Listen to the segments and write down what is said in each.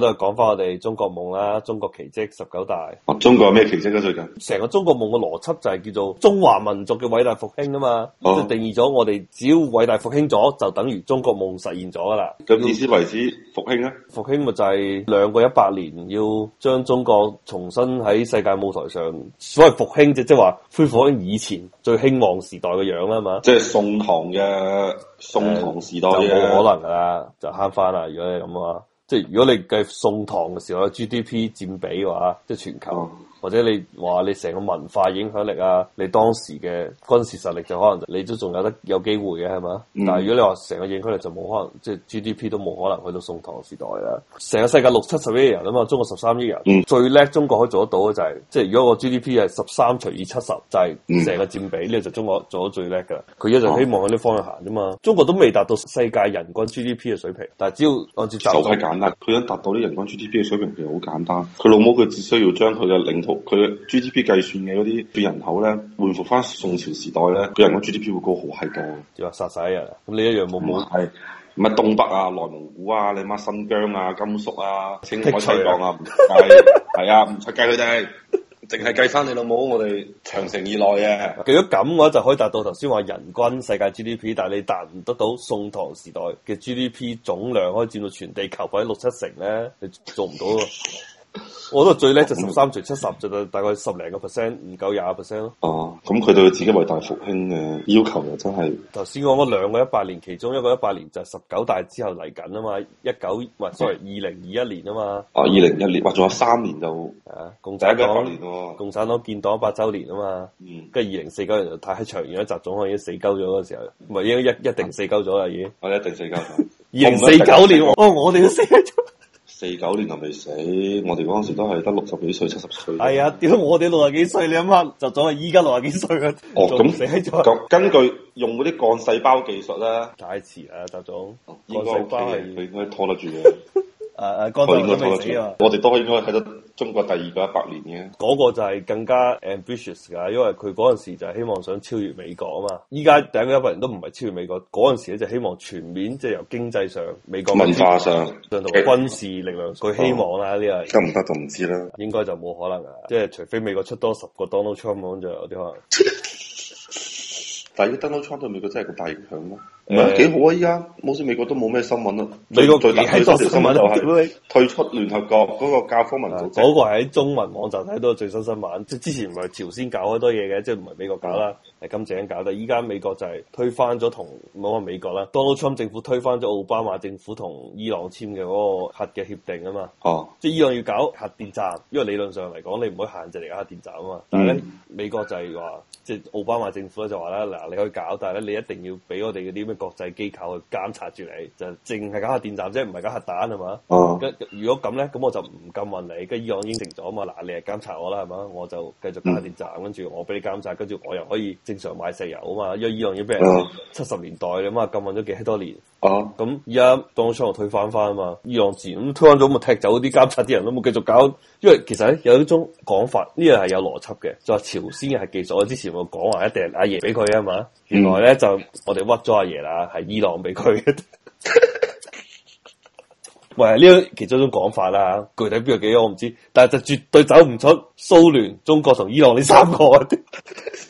都係講翻我哋中國夢啦，中國奇蹟，十九大。啊、中國有咩奇蹟咧？最近成個中國夢嘅邏輯就係叫做中華民族嘅偉大復興啊嘛，啊就定義咗我哋只要偉大復興咗，就等於中國夢實現咗噶啦。咁意思為止復興咧？復興咪就係兩個一百年，要將中國重新喺世界舞台上所謂復興，即即係話恢復以前最興旺時代嘅樣啊嘛。即係、啊、宋唐嘅宋唐時代嘅，冇、嗯、可能噶啦，就慳翻啦。如果你咁話。即係如果你計宋唐嘅時候 GDP 佔比嘅話，即係全球。或者你話你成個文化影響力啊，你當時嘅軍事實力就可能就你都仲有得有機會嘅係嘛？嗯、但係如果你話成個影響力就冇可能，即、就、係、是、GDP 都冇可能去到宋唐時代啊。成個世界六七十億人啊嘛，中國十三億人，嗯、最叻中國可以做得到嘅就係、是、即係如果個 GDP 係十三除以七十，就係成個佔比呢？嗯、就中國做得最叻㗎。佢依家就希望喺呢方向行啫嘛。中國都未達到世界人均 GDP 嘅水平，但係只要按照走，就係簡單。佢想達到啲人均 GDP 嘅水平其實好簡單。佢老母佢只需要將佢嘅領。佢嘅 GDP 計算嘅嗰啲對人口咧，恢復翻宋朝時代咧，個人均 GDP 會高好多係嘅。又殺死人，咁你一樣冇冇係？乜東北啊、內蒙古啊、你媽新疆啊、甘肅啊、青海西藏啊，唔計係啊，唔出計佢哋，淨係計翻你老母，我哋長城以內啊。如果咁嘅話，就可以達到頭先話人均世界 GDP，但係你達唔得到宋唐時代嘅 GDP 總量，可以佔到全地球或者六七成咧，你做唔到。 我覺得最叻就十三除七十，就大概十零個 percent，唔夠廿 percent 咯。哦，咁佢、啊、對自己偉大復興嘅要求又真係。頭先講咗兩個一百年，其中一個一百年就十九大之後嚟緊啊嘛，一九或係二零二一年啊嘛。哦、啊，二零一年，或仲有三年就係共產黨，共產黨建黨一百周年啊嘛。嗯，跟住二零四九年就太長遠，而家習總已經死鳩咗嗰時候，唔係一一定死鳩咗啦已。我一定死鳩二零四九了了 是 年，哦，我哋都死咗。 四九年又未死，我哋嗰陣時都係得六十幾歲、七十歲。係啊、哎，屌我哋六十幾歲，你阿媽就咗，依家六十幾歲嘅。哦，咁咁根據用嗰啲幹細胞技術啦，太遲啊。習總，幹細胞佢應該、OK, 拖得住嘅。誒誒、 啊，佢應該拖得住。我哋 都應該喺度。中國第二個一百年嘅，嗰個就係更加 ambitious 㗎，因為佢嗰陣時就係希望想超越美國啊嘛。依家第一個一百年都唔係超越美國，嗰陣時咧就希望全面即係、就是、由經濟上、美國文化上、上軍事力量，佢、啊、希望啦呢、這個。得唔得就唔知啦，應該就冇可能㗎，即係、嗯、除非美國出多十個 Donald Trump 可能就有啲可能。 但係呢個 Donald Trump 對美國真係個大影響囉。幾、嗯、好啊！依家好似美國都冇咩新聞啊。美國最大嘅最新新聞就係退出聯合國嗰個教科文組織。嗰、啊那個喺中文網站睇到最新新聞，即係之前唔係朝鮮搞好多嘢嘅，即係唔係美國搞啦，係金、嗯、正恩搞。但係依家美國就係推翻咗同冇話美國啦，Donald Trump 政府推翻咗奧巴馬政府同伊朗簽嘅嗰個核嘅協定啊嘛。哦、啊，即係伊朗要搞核電站，因為理論上嚟講你唔可以限制你搞核電站啊嘛。但係咧、嗯、美國就係話，即係奧巴馬政府咧就話啦，嗱你可以搞，但係咧你一定要俾我哋嗰啲咩？國際機構去監察住你，oh. 你，你就淨係搞下電站啫，唔係搞核彈係嘛？如果咁咧，咁我就唔禁運你。跟伊朗應承咗啊嘛，嗱，你係監察我啦係嘛？我就繼續搞電站，跟住我俾你監察，跟住我又可以正常買石油啊嘛。因為伊朗已經俾人七十、oh. 年代啊嘛，禁運咗幾多年。啊！咁而家當初又退翻翻啊嘛。伊朗字咁推翻咗，咪踢走啲監察啲人，都冇繼續搞。因為其實咧有一種講法，呢樣係有邏輯嘅。就朝鮮係技術，我之前我講話一定阿爺俾佢啊嘛。原來咧、嗯、就我哋屈咗阿爺啦，係伊朗俾佢。 喂，呢種其中一種講法啦，具體邊個幾多我唔知，但係就絕對走唔出蘇聯、中國同伊朗呢三個。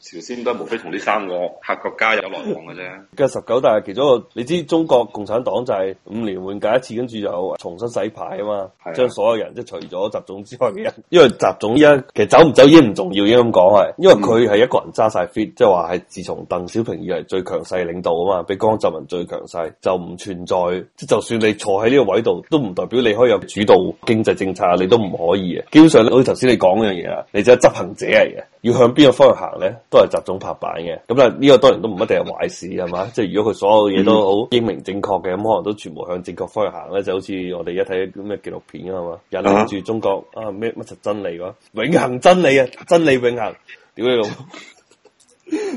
朝鮮都無非同呢三個客國家有來往嘅啫。跟住十九大，其中一個你知中國共產黨就係五年換屆一次，跟住就重新洗牌啊嘛，是的 將所有人即係除咗習總之外嘅人。因為習總依家其實走唔走已經唔重要，應該咁講係，因為佢係一個人揸晒 fit，即係話係自從鄧小平以嚟最強勢領導啊嘛，比江澤民最強勢，就唔存在即就算你坐喺呢個位度，都唔代表你可以有主導經濟政策，你都唔可以嘅。基本上，好似頭先你講嗰樣嘢啊，你只係執行者嚟嘅，要向邊個方向行咧？都係集中拍板嘅，咁但呢個當然都唔一定係壞事係嘛，即係如果佢所有嘢都好英明正確嘅，咁、嗯、可能都全部向正確方向行咧，就好似我哋而家睇嘅咩紀錄片咁係嘛，引領住中國啊咩乜柒真理嘅，永恆真理啊，真理永恆，屌你老，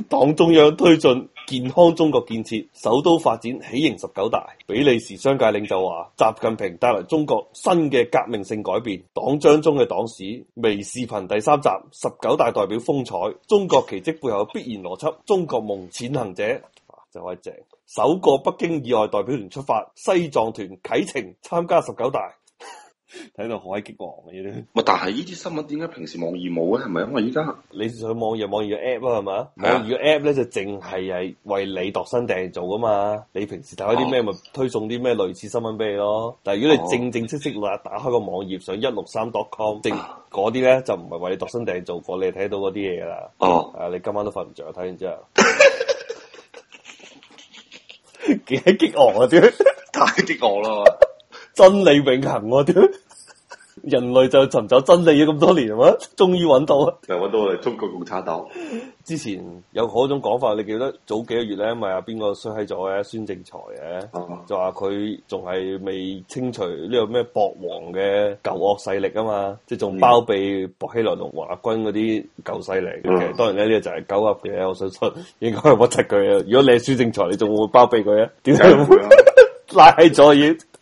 黨中央推進。健康中國建設，首都發展，喜迎十九大。比利時商界領袖話：習近平帶來中國新嘅革命性改變。黨章中嘅黨史微視頻第三集：十九大代表風采，中國奇跡背後必然邏輯，中國夢踐行者。就係正首個北京以外代表團出發，西藏團啟程參加十九大。睇到好激昂嘅啲，唔但係呢啲新聞點解平時網易冇咧？係咪因為依家你上網易網易 app 啊？係嘛？網易 app 咧就淨係係為你度身訂做噶嘛？你平時睇開啲咩咪推送啲咩類似新聞俾你咯？但係如果你正正式式啦，打開個網頁上一六三 dot com，嗰啲咧就唔係為你度身訂做，個你睇到嗰啲嘢啦。哦、啊，啊你今晚都瞓唔着，睇完之後幾 激昂啊！屌， 太激昂啦！ 真理永恆啊！屌。 人類就尋找真理咗咁多年，係嘛，終於揾到啊！就揾到我哋中國共產黨。 之前有嗰種講法，你記得早幾個月咧，咪阿邊個衰喺咗嘅？孫政才嘅，啊，啊，就話佢仲係未清除呢個咩薄王嘅舊惡勢力啊嘛，即係仲包庇薄熙來同華軍嗰啲舊勢力嘅。啊，當然咧，呢，這個就係狗入嘅，我相信應該係屈柒佢啊！如果你係孫政才，你仲會包庇佢啊？點解唔會啊？賴咗嘢。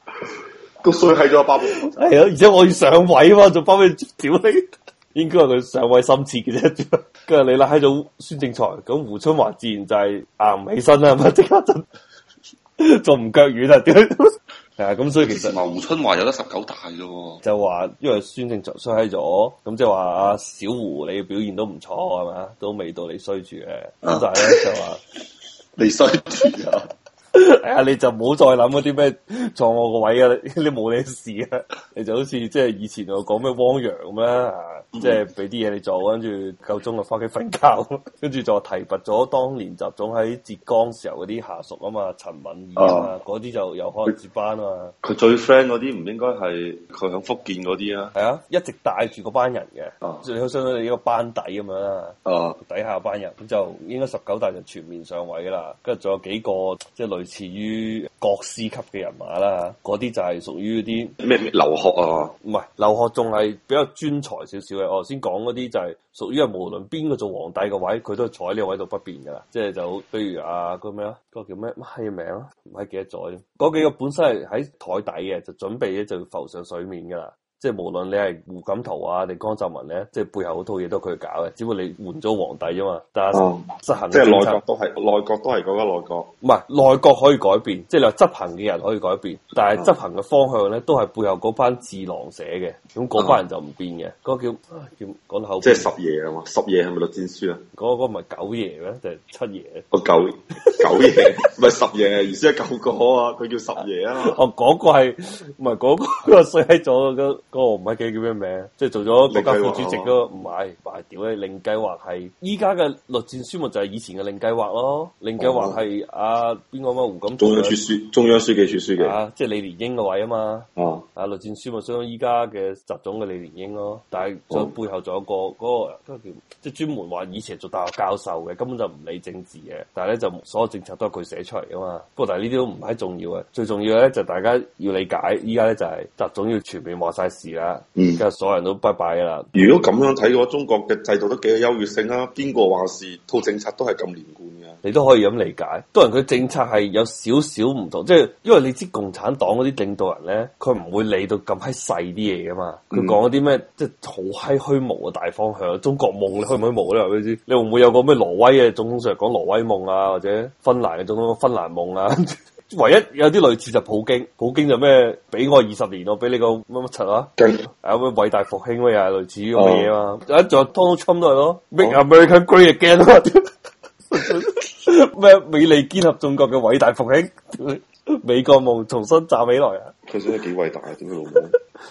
個衰係咗八倍，係啊、哎！而且我要上位啊嘛，仲包你屌你，應該係佢上位心切嘅啫。跟住你啦，喺度孫正才，咁胡春華自然就係行唔起身啦，係咪？即刻就做唔腳軟啦，點？係啊，咁所以其實以胡春華有得十九大啫。就話因為孫正才衰喺咗，咁即係話阿小胡你嘅表現都唔錯，係咪啊？都未到你衰住嘅，咁但係咧就話、啊、說你衰住啊！係啊，你就唔好再諗嗰啲咩撞我個位啊！你冇你事啊！你就好似即係以前就講咩汪洋咁樣啊，即係俾啲嘢你做，跟住夠鐘就翻屋企瞓覺，跟住就提拔咗當年習總喺浙江時候嗰啲下屬啊嘛，陳敏爾啊嗰啲就有可能接班啊嘛。佢最 friend 嗰啲唔應該係佢響福建嗰啲啊？係啊，一直帶住嗰班人嘅，你相信你個班底咁樣啦，底下班人咁就應該十九大就全面上位啦，跟住仲有幾個即係女。類似於國師級嘅人馬啦，嗰啲就係屬於啲咩咩？留學啊？唔係留學，仲係比較專才少少嘅。我頭先講嗰啲就係屬於係無論邊個做皇帝位個位，佢都係坐喺呢個位度不變噶啦。即係就譬如阿個咩啊，個，個叫咩咩名啊，唔係記得咗。嗰幾個、嗰個本身係喺台底嘅，就準備咧就浮上水面噶啦。即係無論你係胡錦濤啊定江澤民咧，即係背後嗰套嘢，都係佢搞嘅，只不過你換咗皇帝啫嘛。但係執行，啊、即係內閣都係內閣，都係嗰個內閣，唔係內閣可以改變，即係執行嘅人可以改變，但係執行嘅方向咧都係背後嗰班智囊寫嘅。咁嗰班人就唔變嘅。嗰，啊、個叫叫講到後即係十爺啊嘛，十爺係咪栗戰書啊？嗰個唔係九爺咩？啊？定，就是，七爺？哦九九爺唔係十爺，原先係九個啊，佢叫十爺啊。哦嗰 個係唔係嗰個衰喺咗嗰個唔係記得叫咩名？即係做咗國家副主席嗰個唔係，話屌你令計劃係依家嘅栗戰書目就係以前嘅令計劃咯。令計劃係阿邊個乜胡錦濤中央書中央書記書,書記啊，即係李連英嘅位啊嘛。啊，栗戰、啊、書目相當於依家嘅習總嘅李連英咯。但係在背後仲有個嗰、嗯那個叫即係專門話以前做大學教授嘅根本就唔理政治嘅，但係咧就所有政策都係佢寫出嚟啊嘛。不過但係呢啲都唔係重要嘅，最重要咧就大家要理解依家咧就係習總要全面話晒。而家、嗯、所有人都拜拜噶啦。如果咁樣睇嘅話，中國嘅制度都幾有優越性啦。邊個話事套政策都係咁連貫嘅。你都可以咁理解。當然佢政策係有少少唔同，即係因為你知共產黨嗰啲領導人咧，佢唔會理到咁閪細啲嘢噶嘛。佢講嗰啲咩，即係好閪虛無嘅大方向，中國夢你虛唔虛無咧？話俾你知。你會唔會有個咩挪威嘅總統上嚟講挪威夢啊，或者芬蘭嘅總統芬蘭夢啊？ 唯一有啲類似就普京，普京就咩俾我二十年我俾你個乜乜柒啊！啊，咩偉大復興咩啊，類似咁嘅嘢嘛，啊仲、哦、有 Donald Trump 都係咯、哦、，Make American Great Again，咩、啊、 美利堅合中國美利堅合眾國嘅偉大復興。美國夢重新站起來啊！其實都幾偉大啊！點解老母？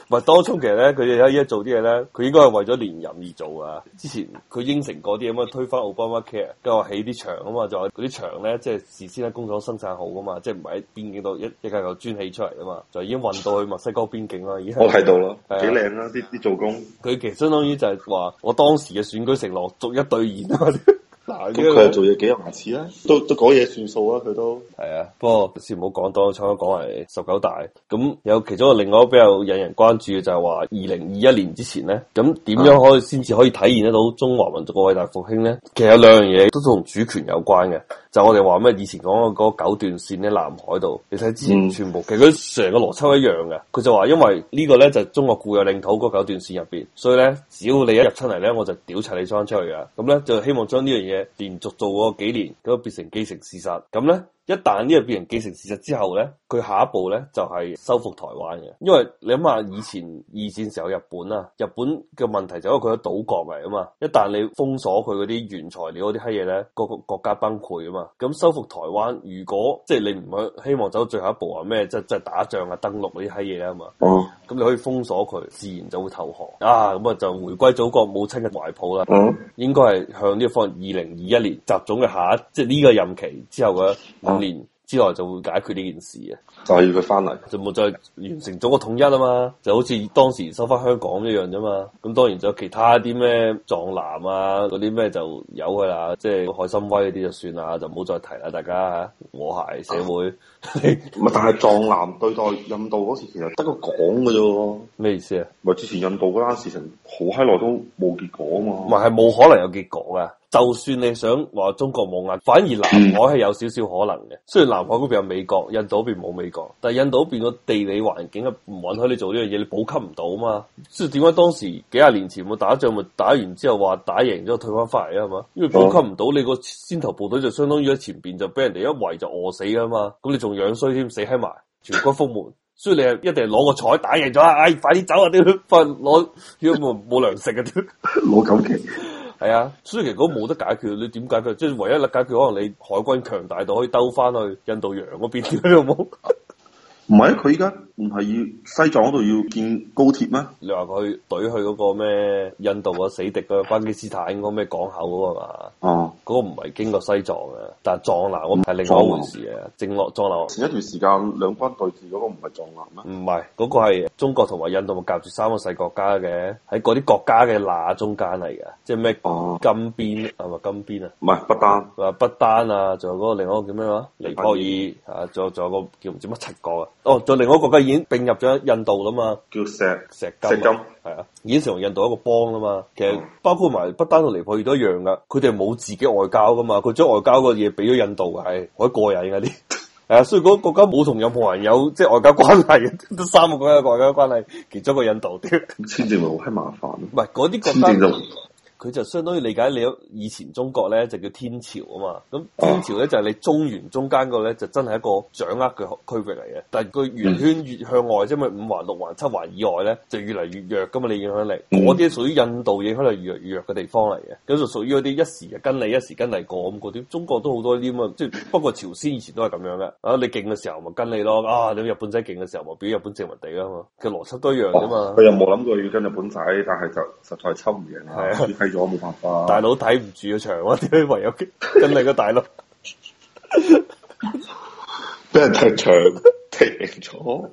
唔係當初其實咧，佢哋喺一做啲嘢咧，佢應該係為咗連任而做啊！之前佢應承嗰啲咁樣，推翻奧巴馬 care，跟住話起啲牆啊嘛，就嗰啲牆咧，即係事先喺工廠生產好啊嘛，即係唔係喺邊境度一一塊塊磚砌出嚟啊嘛，就已經運到去墨西哥邊境啦。已經 我睇到咯，幾靚啦啲啲做工。佢其實相當於就係話，我當時嘅選舉承諾，逐一兌現啊。 咁佢、嗯、做嘢幾有牙齒啊？都都講嘢算數啊！佢都係啊，不過先唔好講多，差唔多講係十九大。咁有其中一個另外一個比較引人關注嘅就係話，二零二一年之前咧，咁點樣可以先至、啊、可以體現得到中華民族嘅偉大復興咧？其實有兩樣嘢都同主權有關嘅，就是、我哋話咩？以前講嘅嗰九段線喺南海度，你睇之前全部，嗯、其實佢成個邏輯一樣嘅。佢就話因為個呢個咧就是、中國固有領土嗰九段線入邊，所以咧只要你一入親嚟咧，我就屌齊你裝出去啊！咁咧就希望將呢樣嘢。連續做個幾年，都變成既成事實。咁咧。一旦呢個變成既成事實之後咧，佢下一步咧就係、是、收復台灣嘅。因為你諗下以前二戰時候日本啊，日本嘅問題就因為佢係島國嚟啊嘛。一旦你封鎖佢嗰啲原材料嗰啲黑嘢咧，各個國家崩潰啊嘛。咁收復台灣，如果即係你唔想希望走到最後一步啊咩，即係即係打仗啊登陸呢啲黑嘢啊嘛。哦，咁你可以封鎖佢，自然就會投降。啊，咁啊就回歸祖國母親嘅懷抱啦。嗯、啊，應該係向呢個方向二零二一年集總嘅下一即係呢個任期之後嘅。五年之內就會解決呢件事啊！就係要佢翻嚟，就冇再完成咗個統一啊嘛！就好似當時收翻香港一樣啫嘛！咁當然，仲有其他啲咩藏南啊，嗰啲咩就有噶啦，即係海參崴嗰啲就算啦，就冇再提啦，大家吓和諧社會。唔、啊、 但係藏南對待印度嗰時，其實得個講㗎啫，咩意思啊？咪之前印度嗰單事情好閪耐都冇結果啊嘛！唔係，係冇可能有結果噶。就算你想話中國冇眼，反而南海係有少少可能嘅。雖然南海嗰邊有美國，印度嗰邊冇美國，但係印度嗰邊個地理環境唔允許你做呢樣嘢，你補給唔到啊嘛。所以點解當時幾廿年前冇打仗咪打完之後話打贏咗退翻翻嚟啊嘛。因為補給唔到，你個先頭部隊就相當於喺前邊就俾人哋一圍就餓死啊嘛。咁你仲樣衰添，死喺埋，全軍覆沒，所以你係一定係攞個彩打贏咗，唉、哎，快啲走啊！快啲攞，要冇冇糧食嘅、啊。冇咁奇。係啊，所以其實如果冇得解決，你點解決？即係唯一嘅解決，可能你海軍強大到可以兜翻去印度洋嗰邊，你有冇？唔 係、啊，佢依家唔係要西藏嗰度要建高鐵咩？你話佢懟去嗰個咩印度啊、死敵嘅巴基斯坦嗰個咩港口嗰、嗰個啊？嗯嗰個唔係經過西藏嘅，但係藏南我唔係另外一回事嘅，男正落藏南前一段時間兩軍對峙嗰、那個唔係藏南咩？唔係，嗰、那個係中國同埋印度夾住三個細國家嘅，喺嗰啲國家嘅那中間嚟嘅，即係咩？金邊係咪、啊、金邊啊？唔係不北丹，話不丹啊，仲有嗰、那個另外一個叫咩話尼泊爾啊，仲有仲有個叫唔知乜七個啊？哦，仲有另外一個國家已經併入咗印度啦嘛？叫錫錫金。錫金係啊，以前同印度一個邦啦嘛，其實包括埋不丹同尼泊爾都一樣噶，佢哋冇自己外交噶嘛，佢將外交個嘢俾咗印度，係好過癮啲，係啊，所以嗰國家冇同任何人有，即係、就是、外交關係，得三個國家有外交關係，其中一個印度，簽證咪好閪麻煩，唔係嗰啲國家。佢就相當於理解你以前中國咧就叫天朝啊嘛，咁天朝咧就係你中原中間個咧就真係一個掌握嘅區域嚟嘅，但係個圓圈越向外，即係五環六環七環以外咧就越嚟越弱噶嘛，你影響力嗰啲屬於印度影響力越嚟越弱嘅地方嚟嘅，咁就屬於嗰啲一時就跟你，一時跟嚟過咁嗰啲。中國都好多啲咁啊，即係不過朝鮮以前都係咁樣嘅，啊你勁嘅時候咪跟你咯，啊你日本仔勁嘅時候咪俾日本殖民地啊嘛，嘅邏輯都一樣啊嘛、哦。佢又冇諗過要跟日本仔，但係就實在抽唔贏啊。冇辦法啊、大佬睇唔住個場，啊，我唯有跟你個大佬，俾 人踢場踢慘。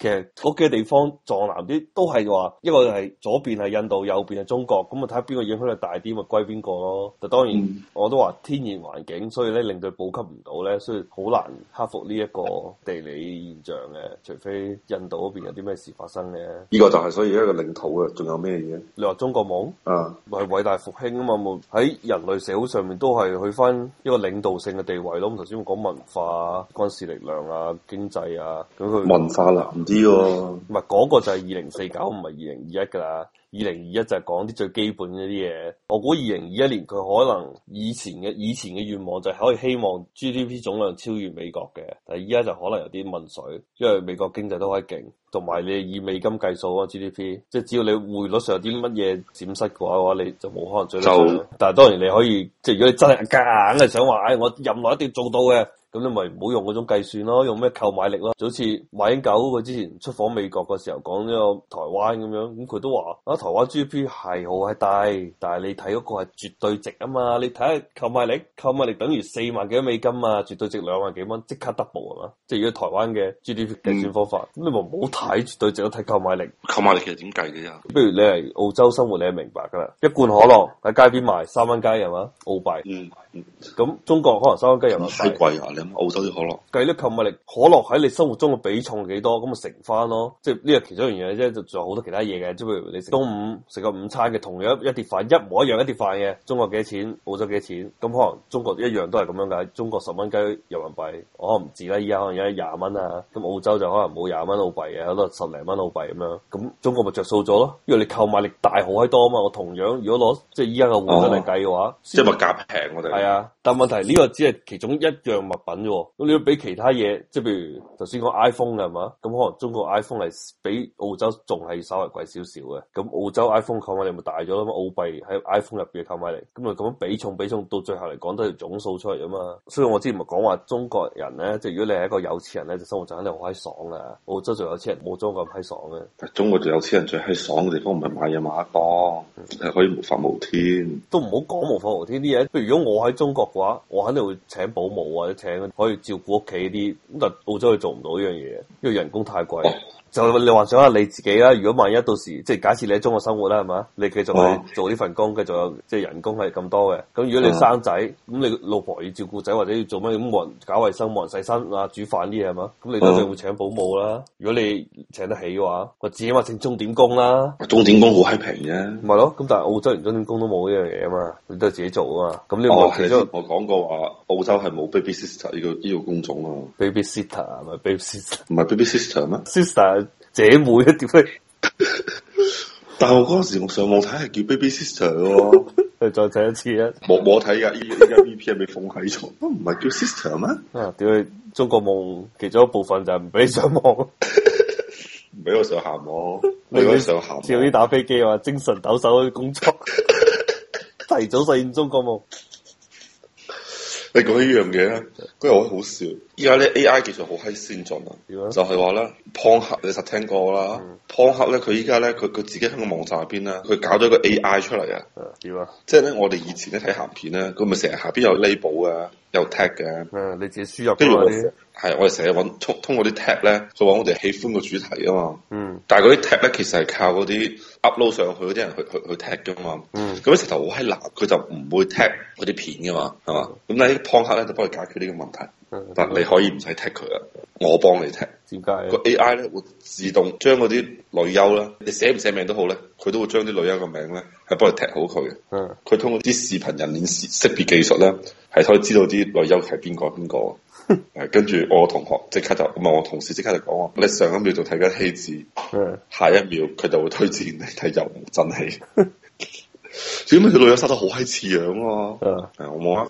其實嗰幾個地方撞南啲，都係話一個係左邊係印度，右邊係中國，咁啊睇下邊個影響力大啲，咪歸邊個咯。就當然我都話天然環境，所以咧令佢補給唔到咧，所以好難克服呢一個地理現象嘅。除非印度嗰邊有啲咩事發生嘅，呢個就係所以一個領土啊。仲有咩嘢？你話中國冇啊？咪偉大復興啊嘛，冇喺人類社會上面都係去翻一個領導性嘅地位咯。咁頭先會講文化、軍事力量啊、經濟啊，咁佢文化啦。唔係，嗰、嗯嗰個就係二零四九，唔係二零二一噶啦。二零二一就係講啲最基本嗰啲嘢。我估二零二一年佢可能以前嘅以前嘅願望就係可以希望 GDP 總量超越美國嘅，但係而家就可能有啲問水，因為美國經濟都係勁，同埋你以美金計數 GDP，即係只要你匯率上有啲乜嘢閃失嘅話，嘅話你就冇可能追得上。就但係當然你可以，即係如果你真係夾硬係想話，唉、哎，我任內一定做到嘅。咁你咪唔好用嗰種計算咯，用咩購買力咯？就好似馬英九佢之前出訪美國嘅時候講呢個台灣咁樣，咁佢都話啊台灣 GDP 係好係大，但係你睇嗰個係絕對值啊嘛，你睇下購買力，購買力等於四萬幾多美金啊，絕對值兩萬幾蚊即刻 double 啊嘛、嗯，即係如果台灣嘅 GDP 計算方法，咁你咪唔好睇絕對值，睇購買力。購買力其實點計嘅啫？不如你係澳洲生活，你係明白噶啦，一罐可樂喺街邊賣三蚊雞係嘛？澳幣。嗯。咁中國可能三蚊雞又難賣。貴、嗯飲澳洲啲可樂，計啲購買力，可樂喺你生活中嘅比重幾多，咁咪乘翻咯，即係呢個其中一樣嘢啫，就仲有好多其他嘢嘅，即譬如你食中午食個午餐嘅同樣一碟飯，一模一樣一碟飯嘅，中國幾多錢，澳洲幾多錢，咁、嗯、可能中國一樣都係咁樣噶，中國十蚊雞人民幣，我可能唔知啦，依家可能而家廿蚊啊，咁澳洲就可能冇廿蚊澳幣嘅，可能十零蚊澳幣咁樣，咁中國咪着數咗咯，因為你購買力大好喺多啊嘛，我同樣如果攞即係依家嘅換算嚟計嘅話，哦、即係物價平我哋係啊。這樣 的但問題呢、這個只係其中一樣物品啫，咁你要比其他嘢，即係譬如頭先講 iPhone 嘅係嘛，咁可能中國 iPhone 係比澳洲仲係稍為貴少少嘅，咁澳洲 iPhone 購買力咪大咗咯，澳幣喺 iPhone 入邊嘅購買力，咁咪咁樣比重比重到最後嚟講都係總數出嚟啊嘛。所以我之前咪講話中國人咧，即係如果你係一個有錢人咧，就生活就肯定好閪爽啦。澳洲仲有錢人冇中國咁閪爽嘅。中國就有錢人最閪爽嘅地方唔係買嘢買得多，係可以無法無天。嗯、都唔好講無法無天啲嘢，譬如如果我喺中國。嘅話，我肯定會請保姆或者請可以照顧屋企啲咁，但澳洲佢做唔到呢樣嘢，因為人工太貴。就你幻想下你自己啦，如果萬一到時，即係假設你喺中國生活啦，係嘛？你繼續去做呢份工，繼續有即係人工係咁多嘅。咁如果你生仔，咁、嗯、你老婆要照顧仔或者要做乜咁，冇人搞衞生、冇人洗身，啊、煮飯啲嘢係嘛？咁你都係會請保姆啦。嗯、如果你請得起嘅話，我自己話請鐘點工啦。鐘點工好閪平嘅，唔係咯，咁但係澳洲連鐘點工都冇呢樣嘢啊嘛，你都係自己做啊嘛。咁呢個我我講過話，澳洲係冇 baby sister 呢、呢個呢、呢個工種啊。baby, sitter, baby, baby sister 係咪 baby sister？唔係 baby sister 咩？sister。姐妹啊，點解？但我嗰時我上網睇係叫 baby sister 咯，哦， 再睇一次啊！我我睇噶，依家 E P 俾封起咗，唔係叫 sister 咩？啊，點中國夢其中一部分就唔俾你上網？唔 俾我上行， 我你唔俾上行？照啲打飛機啊，精神抖擻去工作， 提早實現中國夢。你講呢樣嘢咧，今日、嗯、我覺得好笑。依家咧 A I 技術好閪先進啊，嗯、就係話咧，胖客你實聽過啦，p 胖客咧佢依家咧佢佢自己喺個網站入邊啦，佢搞咗個 A I 出嚟啊。點啊、嗯？嗯嗯、即係咧，我哋以前咧睇鹹片咧，佢咪成日下邊有 label 啊。有 tag 嘅、嗯，你自己輸入嘅嗰啲，係我哋成日揾通通過啲 tag 咧，去揾我哋喜歡嘅主題啊嘛。嗯，但係嗰啲 tag 咧，其實係靠嗰啲 upload 上去嗰啲人去去去 tag 噶嘛。嗯，咁啲石頭好閪難，佢就唔會 tag 嗰啲片噶嘛，係嘛？咁啲咧，podcast 咧就幫佢解決呢個問題。但你可以唔使踢佢啊，我幫你踢。點解？個 A I 咧會自動將嗰啲女優啦，你寫唔寫名都好咧，佢都會將啲女優個名咧，係幫你踢好佢嘅。嗯的，佢通過啲視頻人臉識別技術咧，係可以知道啲女優係邊個邊個。誒， 跟住我同學即刻就，唔係我同事即刻就講我，你上一秒仲睇緊戲字， 下一秒佢就會推薦你睇遊真戲。 點解佢女仔生，生得好閪似樣啊？誒的，我冇啊。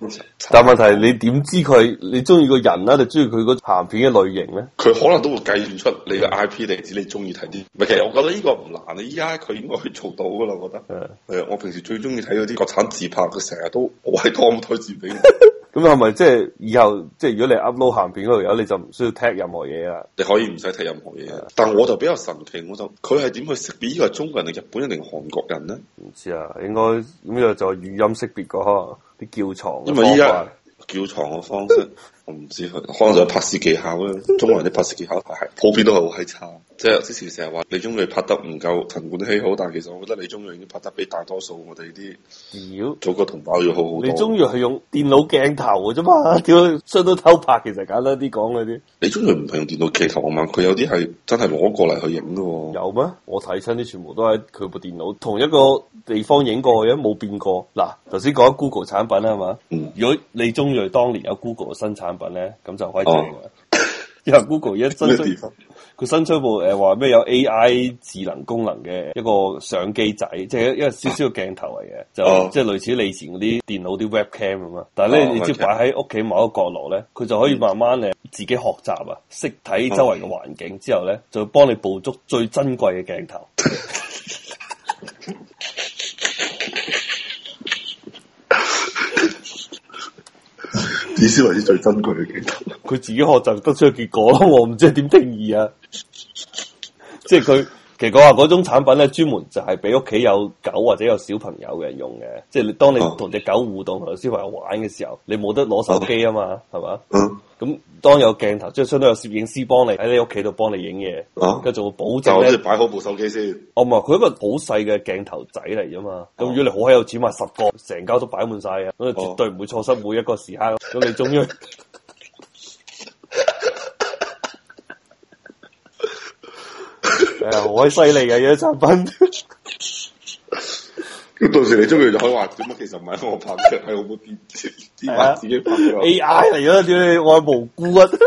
但問題，你點知佢？你中意個人啦，定你中意佢個鹹片嘅類型咧？佢可能都會計算出你嘅 IP 地址，你中意睇啲。唔係的，其實我覺得呢個唔難啊。而家佢應該可以做到噶啦，我覺得。誒的、呃，我平時最中意睇嗰啲國產自拍，佢成日都我喺光台自比。 咁係咪即係以後即係、就是、如果你 upload 咸片嗰度有你就唔需要聽任何嘢啦，你可以唔使聽任何嘢啦。是的 但我就比較神奇，我就佢係點去識別？呢個係中國人定日本人定韓國人咧？唔知啊，應該咁呢個就係語音識別、個可能啲叫床因為嘅方法，叫床嘅方式， 我唔知佢，可能就係拍攝技巧咧。 中國人啲拍攝技巧普遍 都係好閪差。即係之前成日話李宗瑞拍得唔夠陳冠希好，但係其實我覺得李宗瑞已經拍得比大多數我哋啲，祖國同胞要好好。李宗瑞係用電腦鏡頭嘅啫嘛，屌，相當偷拍，其實簡單啲講嗰啲。李宗瑞唔係用電腦鏡頭啊嘛，佢有啲係真係攞過嚟去影嘅。有咩？我睇親啲全部都喺佢部電腦同一個地方影過嘅，冇變過。嗱，頭先講 Google 產品啦，係嘛？嗯、如果李宗瑞當年有 Google 嘅新產品咧，咁就可以。因為、啊、Google 一新佢新出部誒話咩有 AI 智能功能嘅一個相機仔，即係一一個少少嘅鏡頭嚟嘅，就即係類似你以前嗰啲電腦啲 web cam 咁嘛。但係咧，你只要擺喺屋企某一個角落咧，佢就可以慢慢誒自己學習啊，識睇周圍嘅環境、oh。之後咧，就會幫你捕捉最珍貴嘅鏡頭。 以思為之最珍貴嘅鏡頭。佢自己學習得出個結果咯，我唔知點定義啊。即係佢其實話嗰種產品咧，專門就係俾屋企有狗或者有小朋友嘅人用嘅。即係你當你同隻狗互動同小朋友玩嘅時候，你冇得攞手機啊嘛，係嘛？咁當有鏡頭，即係相當有攝影師幫你喺你屋企度幫你影嘢，跟住會保證咧。我先擺好部手機先。哦，唔係，佢一個好細嘅鏡頭仔嚟啫嘛。咁、嗯嗯、如果你好閪有錢，買十個成家都擺滿晒嘅，咁你絕對唔會錯失每一個時刻。咁你終於。我好犀利嘅有啲產品， 到時你中意就可以話點解，其實唔係我拍嘅，係 我部電電話自己拍嘅、啊、AI 嚟咗，點解你我係無辜啊！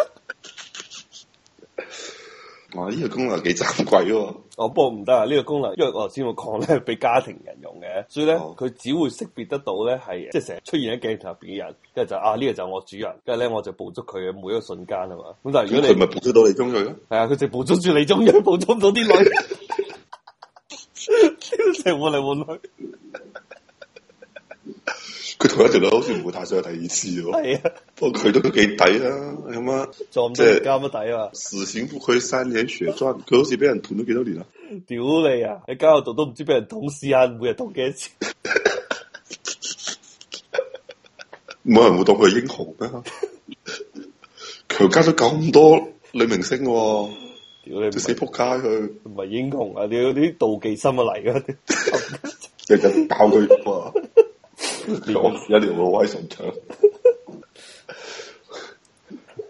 哇，呢、這個功能幾珍貴喎～哦，不過唔得啊！呢、這個功能，因為我頭先我講咧，俾家庭人用嘅，所以咧佢、哦、只會識別得到咧係即係成日出現喺鏡頭入邊嘅人，跟住就啊呢、這個就我主人，跟住咧我就捕捉佢嘅每一個瞬間係嘛。咁但係如果你唔係捕捉到李宗瑞咯？係啊，佢淨捕捉住李宗瑞，捕捉唔到啲女，成換嚟換去。佢同一條女好似唔會太上第二次咯。係啊，不過佢都都幾抵啦，有乜撞即係交乜抵啊？死刑不虧三年血賺，佢好似俾人判咗幾多年啊？屌你啊！喺監獄度都唔知俾人捅死啊！每日捅幾多次？冇人會當佢係英雄咩？強姦咗咁多女明星嘅，屌你！死仆街佢唔係英雄啊！你有啲妒忌心啊嚟啊！日日教佢。我一條老威上場，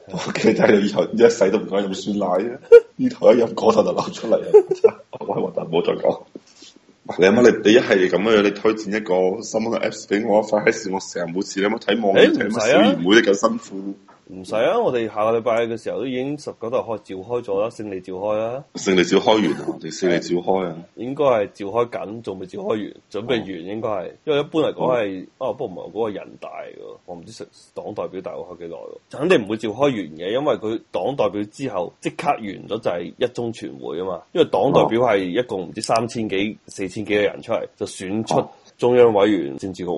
我驚仔 你以後一世都唔該飲酸奶啊！呢頭一飲嗰頭就流出嚟啊！喂， 我核突唔好再講。 你諗下，你你一係咁樣，你推薦一個新聞嘅 apps 俾我，快啲試，我成日冇事。阿媽睇網頁，小姨妹都夠辛苦。唔使啊！我哋下個禮拜嘅時候都已經十九大開召開咗啦，勝利召開啦。勝利召開完啊，我哋 是勝利召開啊。應該係召開緊，仲未召開完，哦、準備完應該係。因為一般嚟講係，啊、哦哦、不過唔係嗰個人大嘅，我唔知成黨代表大會開幾耐咯。肯定唔會召開完嘅，因為佢黨代表之後即刻完咗就係一中全會啊嘛。因為黨代表係一共唔知三千幾、四千幾個人出嚟，就選出中央委員政治局，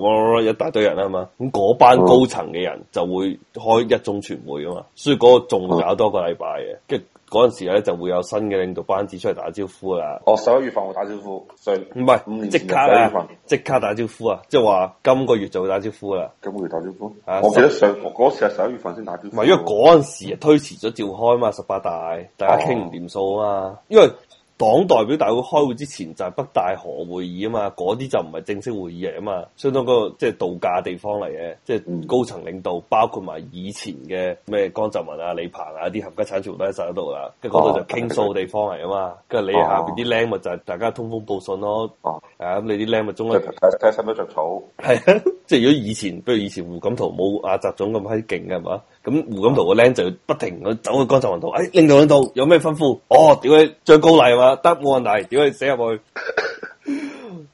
一大堆人啦嘛。咁、嗯、嗰班高層嘅人就會開一中。嗯傳媒啊嘛，所以嗰個仲搞多個禮拜嘅，即係嗰陣時咧就會有新嘅領導班子出嚟打招呼啦。哦，十一月份會打招呼，上唔係，即刻啊，即刻打招呼啊，即係話今個月就會打招呼啦。今個月打招呼啊？我記得上嗰、啊、時係十一月份先打招呼，唔係因為嗰陣時推遲咗召開嘛，十八大大家傾唔掂數啊嘛，啊因為。黨代表大會開會之前就係北戴河會議啊嘛，嗰啲就唔係正式會議嚟啊嘛，相當、那個即係、就是、度假地方嚟嘅，即、就、係、是、高層領導包括埋以前嘅咩江澤民啊、李鵬啊啲冚家鏟全部都喺晒度啦，跟嗰度就傾訴地方嚟啊嘛，跟住、哦、你下邊啲僆咪就大家通風報信咯，哦、啊咁你啲僆咪中意睇睇睇乜着草，係即係如果以前，不如以前胡錦濤冇阿習總咁閪勁嘅嘛。咁胡錦濤個僆就不停去走去江澤民度，哎，令到領導有咩吩咐？哦，屌你最高黎嘛，得，冇問題，屌你死入去。誒、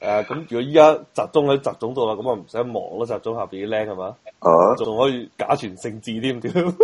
呃，咁如果依家集中喺集中度啦，咁我唔使忙咯，集中下邊啲僆係嘛，仲 可以假傳聖旨添屌。